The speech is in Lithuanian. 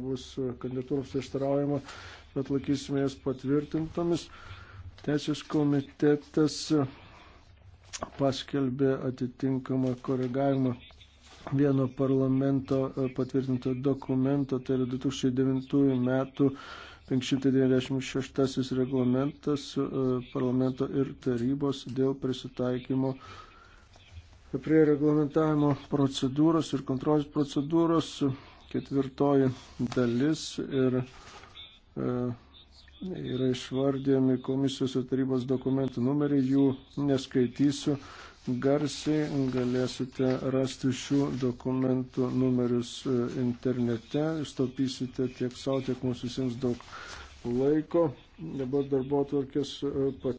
bus kandidatūros prieštaraujama, bet laikysime jas patvirtintomis. Teisės komitetas paskelbė atitinkamą koregavimą vieno parlamento patvirtinto dokumento, tai yra 2009 metų 596 reglamentas e, parlamento ir tarybos dėl prisitaikymo prie reglamentavimo procedūros ir kontrolės procedūros ketvirtoji dalis ir e, yra išvardėmi komisijos ir tarybos dokumentų numeriai, jų neskaitysiu. Garsiai galėsite rasti šių dokumentų numerius e, internete, istaupysite tiek savo, tiek mūsų visiems daug laiko. Dabar darbo atvarkės e, pat.